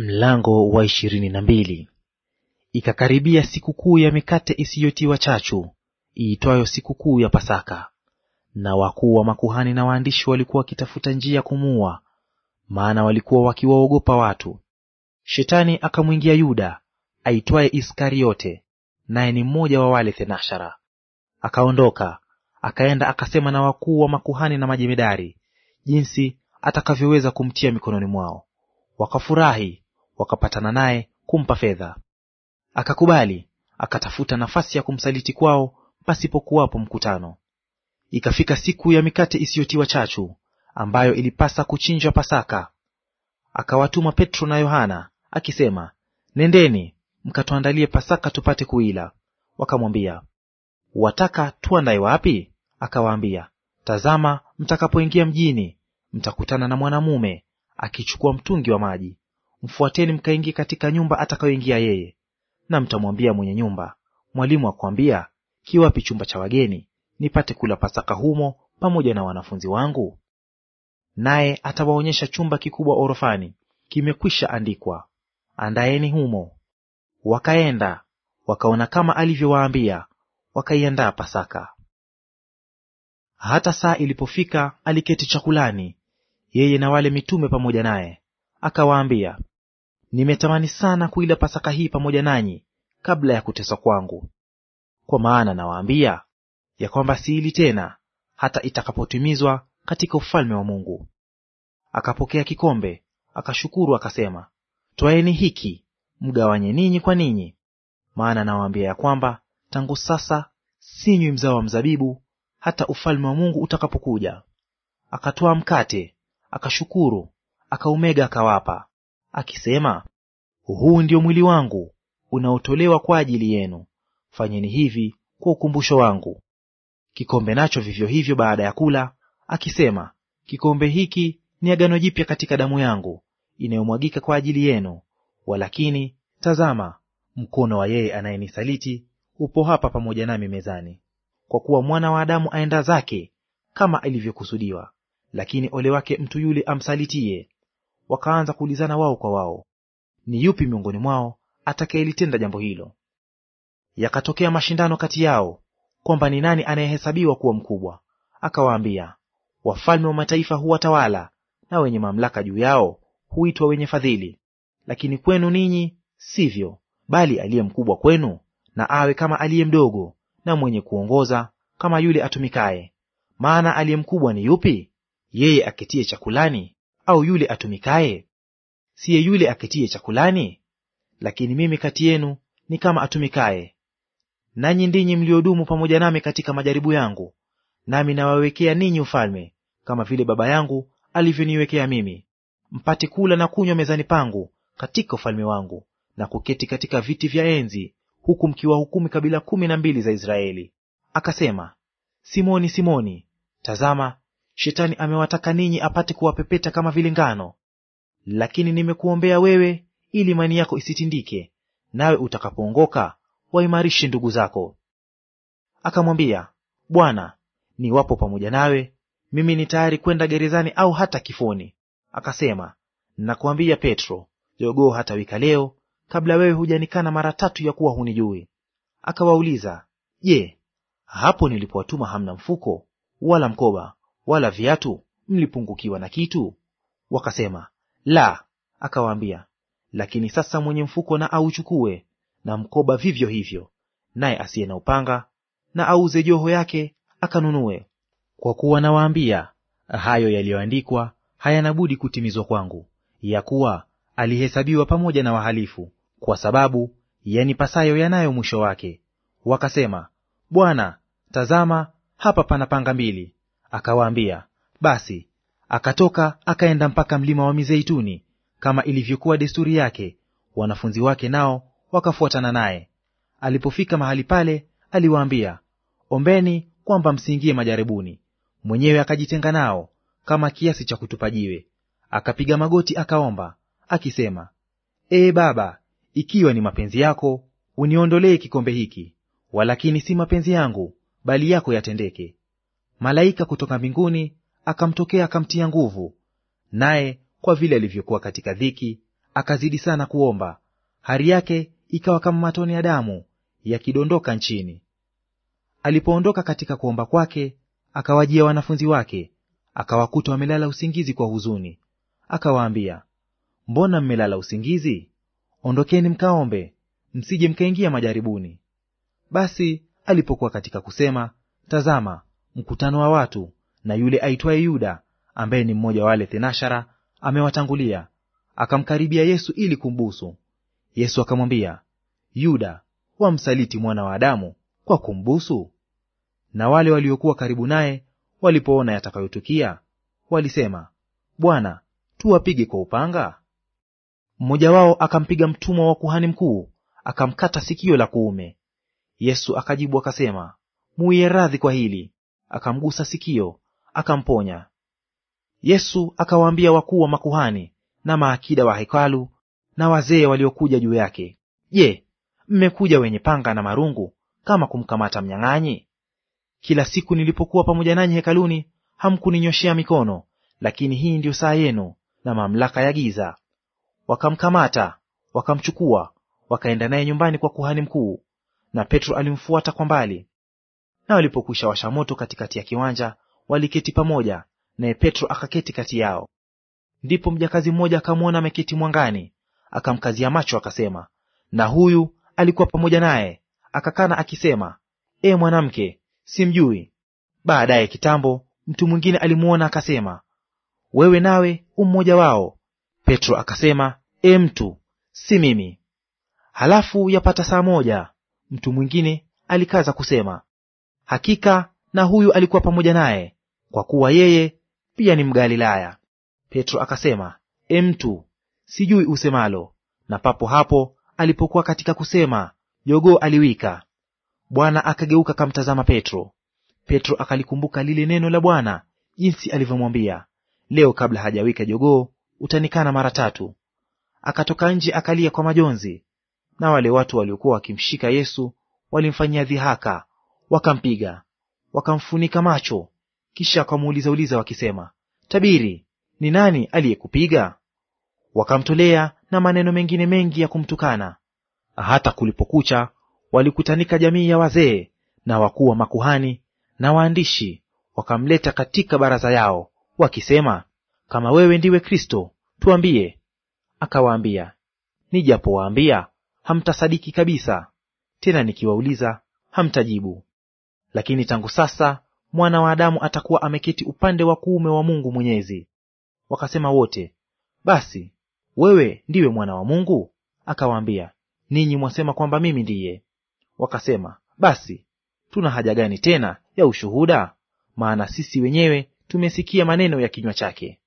Mlango wa ishirini na mbili. Ikakaribia sikukuu ya mikate isiyotiwa chachu iitwayo sikukuu ya Pasaka, na wakuu wa makuhani na waandishi walikuwa wakitafuta njia kumuua, maana walikuwa wakiwaogopa watu. Shetani akamwingia Yuda aitwaye Iskariote, naye ni mmoja wa wale thenashara. Akaondoka akaenda akasema na wakuu wa makuhani na majemedari jinsi atakavyoweza kumtia mikononi mwao. Wakafurahi wakapatana naye kumpa fedha. Akakubali, akatafuta nafasi ya kumsaliti kwao pasipokuwapo mkutano. Ikafika siku ya mikate isiyotiwa chachu, ambayo ilipasa kuchinjwa Pasaka. Akawatuma Petro na Yohana akisema, Nendeni mkatuandalie Pasaka tupate kuila. Wakamwambia, wataka tuandaye wapi? Akawaambia, tazama, mtakapoingia mjini mtakutana na mwanamume akichukua mtungi wa maji, mfuateni mkaingie katika nyumba atakayoingia yeye. Na mtamwambia mwenye nyumba, Mwalimu akwambia, kiwapi chumba cha wageni, nipate kula Pasaka humo pamoja na wanafunzi wangu? Naye atawaonyesha chumba kikubwa orofani, kimekwisha andikwa, andaeni humo. Wakaenda wakaona kama alivyowaambia, wakaiandaa Pasaka. Hata saa ilipofika, aliketi chakulani, yeye na wale mitume pamoja naye akawaambia, nimetamani sana kuila Pasaka hii pamoja nanyi kabla ya kuteswa kwangu. Kwa maana nawaambia ya kwamba siili tena hata itakapotimizwa katika ufalme wa Mungu. Akapokea kikombe, akashukuru, akasema, twaeni hiki mgawanye ninyi kwa ninyi, maana nawaambia ya kwamba tangu sasa sinywi mzao wa mzabibu hata ufalme wa Mungu utakapokuja. Akatwaa mkate, akashukuru, akaumega akawapa, akisema, huu ndio mwili wangu unaotolewa kwa ajili yenu, fanyeni hivi kwa ukumbusho wangu. Kikombe nacho vivyo hivyo baada ya kula, akisema, kikombe hiki ni agano jipya katika damu yangu inayomwagika kwa ajili yenu. Walakini tazama, mkono wa yeye anayenisaliti upo hapa pamoja nami mezani. Kwa kuwa mwana wa Adamu aenda zake kama ilivyokusudiwa, lakini ole wake mtu yule amsalitie, wakaanza kuulizana wao kwa wao, ni yupi miongoni mwao atakayelitenda jambo hilo. Yakatokea mashindano kati yao kwamba ni nani anayehesabiwa kuwa mkubwa. Akawaambia, wafalme wa mataifa huwatawala, na wenye mamlaka juu yao huitwa wenye fadhili. Lakini kwenu ninyi sivyo, bali aliye mkubwa kwenu na awe kama aliye mdogo, na mwenye kuongoza kama yule atumikaye. Maana aliye mkubwa ni yupi? Yeye aketie chakulani au yule atumikaye? Siye yule aketiye chakulani? Lakini mimi kati yenu ni kama atumikaye. Nanyi ndinyi mliodumu pamoja nami katika majaribu yangu, nami nawawekea ninyi ufalme, kama vile Baba yangu alivyoniwekea mimi, mpate kula na kunywa mezani pangu katika ufalme wangu, na kuketi katika viti vya enzi, huku mkiwahukumi kabila kumi na mbili za Israeli. Akasema, Simoni, Simoni, tazama Shetani amewataka ninyi apate kuwapepeta kama vile ngano. Lakini nimekuombea wewe, ili imani yako isitindike, nawe utakapoongoka waimarishe ndugu zako. Akamwambia, Bwana, niwapo pamoja nawe, mimi ni tayari kwenda gerezani au hata kifoni. Akasema, nakuambia Petro, jogoo hata wika leo kabla wewe hujanikana mara tatu ya kuwa hunijui. Akawauliza, Je, hapo nilipowatuma hamna mfuko wala mkoba, wala viatu, mlipungukiwa na kitu? Wakasema, La. Akawaambia, lakini sasa mwenye mfuko na auchukue, na mkoba vivyo hivyo, naye asiye na upanga na auze joho yake akanunue. Kwa kuwa nawaambia, hayo yaliyoandikwa hayana budi kutimizwa kwangu, ya kuwa alihesabiwa pamoja na wahalifu, kwa sababu yanipasayo yanayo mwisho wake. Wakasema, Bwana, tazama, hapa pana panga mbili, akawaambia, basi. Akatoka akaenda mpaka mlima wa Mizeituni kama ilivyokuwa desturi yake, wanafunzi wake nao wakafuatana naye. Alipofika mahali pale, aliwaambia, ombeni kwamba msiingie majaribuni. Mwenyewe akajitenga nao kama kiasi cha kutupa jiwe, akapiga magoti akaomba akisema, Ee Baba, ikiwa ni mapenzi yako uniondolee kikombe hiki, walakini si mapenzi yangu, bali yako yatendeke malaika kutoka mbinguni akamtokea akamtia nguvu, naye kwa vile alivyokuwa katika dhiki akazidi sana kuomba, hari yake ikawa kama matone ya damu yakidondoka nchini. Alipoondoka katika kuomba kwake, akawajia wanafunzi wake, akawakuta wamelala usingizi kwa huzuni. Akawaambia, mbona mmelala usingizi? Ondokeni mkaombe, msije mkaingia majaribuni. Basi alipokuwa katika kusema, tazama, mkutano wa watu na yule aitwaye Yuda ambaye ni mmoja wa wale thenashara amewatangulia, akamkaribia Yesu ili kumbusu. Yesu akamwambia, Yuda, wamsaliti mwana wa Adamu kwa kumbusu? Na wale waliokuwa karibu naye walipoona yatakayotukia, walisema, Bwana, tuwapige kwa upanga? Mmoja wao akampiga mtumwa wa kuhani mkuu, akamkata sikio la kuume. Yesu akajibu akasema, muiye radhi kwa hili, akamgusa sikio, akamponya. Yesu akawaambia wakuu wa makuhani na maakida wa hekalu na wazee waliokuja juu yake, Je, mmekuja wenye panga na marungu kama kumkamata mnyang'anyi? Kila siku nilipokuwa pamoja nanyi hekaluni hamkuninyoshea mikono, lakini hii ndiyo saa yenu na mamlaka ya giza. Wakamkamata, wakamchukua, wakaenda naye nyumbani kwa kuhani mkuu, na Petro alimfuata kwa mbali na walipokwisha washa moto katikati ya kiwanja, waliketi pamoja, naye Petro akaketi kati yao. Ndipo mjakazi mmoja akamwona ameketi mwangani, akamkazia macho, akasema, na huyu alikuwa pamoja naye, akakana akisema, E mwanamke, simjui. Baadaye kitambo mtu mwingine alimwona akasema, wewe nawe ummoja wao. Petro akasema, E mtu, si mimi. Halafu yapata saa moja, mtu mwingine alikaza kusema, Hakika na huyu alikuwa pamoja naye, kwa kuwa yeye pia ni Mgalilaya. Petro akasema, E mtu, sijui usemalo. Na papo hapo alipokuwa katika kusema, jogoo aliwika. Bwana akageuka akamtazama Petro. Petro akalikumbuka lile neno la Bwana jinsi alivyomwambia, leo kabla hajawika jogoo utanikana mara tatu. Akatoka nje akalia kwa majonzi, na wale watu waliokuwa wakimshika Yesu walimfanyia dhihaka, Wakampiga, wakamfunika macho, kisha wakamuuliza uliza wakisema, Tabiri, ni nani aliyekupiga? Wakamtolea na maneno mengine mengi ya kumtukana. Hata kulipokucha, walikutanika jamii ya wazee na wakuu wa makuhani na waandishi, wakamleta katika baraza yao wakisema, kama wewe ndiwe Kristo, tuambie. Akawaambia, nijapowaambia hamtasadiki kabisa, tena nikiwauliza hamtajibu. Lakini tangu sasa mwana wa Adamu atakuwa ameketi upande wa kuume wa Mungu Mwenyezi. Wakasema wote, basi wewe ndiwe mwana wa Mungu? Akawaambia, ninyi mwasema kwamba mimi ndiye. Wakasema, basi tuna haja gani tena ya ushuhuda? Maana sisi wenyewe tumesikia maneno ya kinywa chake.